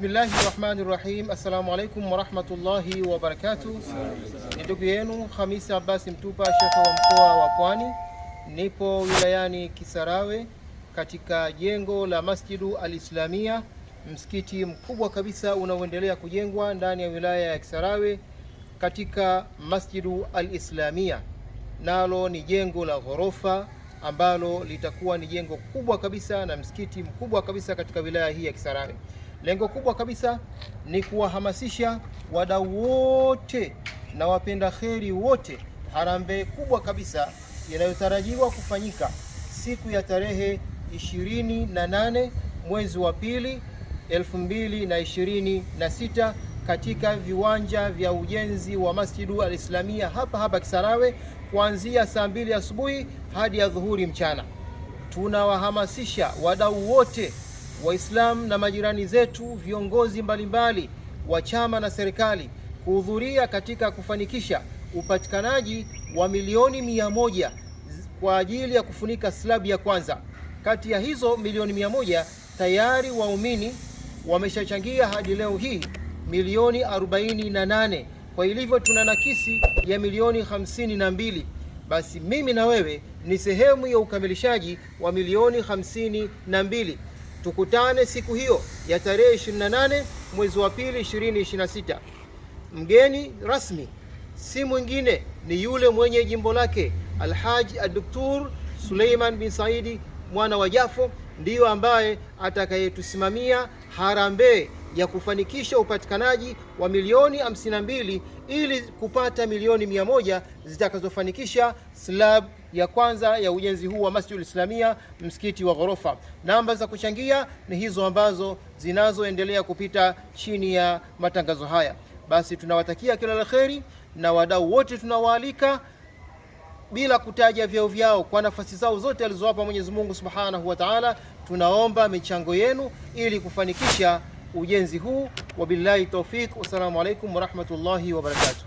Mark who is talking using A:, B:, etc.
A: Bismillahi rahmani rahim. Assalamu alaikum warahmatullahi wabarakatuh. Ni ndugu yenu Hamisi Abasi Mtupa, shekhe wa mkoa wa Pwani. Nipo wilayani Kisarawe katika jengo la Masjidu Alislamia, msikiti mkubwa kabisa unaoendelea kujengwa ndani ya wilaya ya Kisarawe katika Masjidu Alislamia, nalo ni jengo la ghorofa ambalo litakuwa ni jengo kubwa kabisa na msikiti mkubwa kabisa katika wilaya hii ya Kisarawe. Lengo kubwa kabisa ni kuwahamasisha wadau wote na wapenda kheri wote. Harambee kubwa kabisa inayotarajiwa kufanyika siku ya tarehe 28 na mwezi wa pili elfu na na sita katika viwanja vya ujenzi wa Masjidu Alislamia hapa hapa Kisarawe kuanzia saa mbili asubuhi hadi ya dhuhuri mchana. Tunawahamasisha wadau wote Waislamu na majirani zetu, viongozi mbalimbali wa chama na serikali kuhudhuria katika kufanikisha upatikanaji wa milioni mia moja kwa ajili ya kufunika slabu ya kwanza. Kati ya hizo milioni mia moja tayari waumini wameshachangia hadi leo hii milioni 48, kwa ilivyo tuna nakisi ya milioni mbili Basi mimi na wewe ni sehemu ya ukamilishaji wa milioni 5na mbili Tukutane siku hiyo ya tarehe 28 mwezi wa pili 2026. Mgeni rasmi si mwingine ni yule mwenye jimbo lake Alhaji aduktur Suleiman bin Saidi mwana wa Jafo, ndiyo ambaye atakayetusimamia harambee ya kufanikisha upatikanaji wa milioni 52 ili kupata milioni 100 zitakazofanikisha slab ya kwanza ya ujenzi huu wa Masjid Islamia, msikiti wa ghorofa. Namba za kuchangia ni hizo ambazo zinazoendelea kupita chini ya matangazo haya. Basi tunawatakia kila la kheri na wadau wote tunawaalika bila kutaja vyao vyao kwa nafasi zao zote alizowapa Mwenyezi Mungu Subhanahu wa Ta'ala. Tunaomba michango yenu ili kufanikisha ujenzi huu. Wabillahi taufik, wassalamu alaikum warahmatullahi wabarakatuh.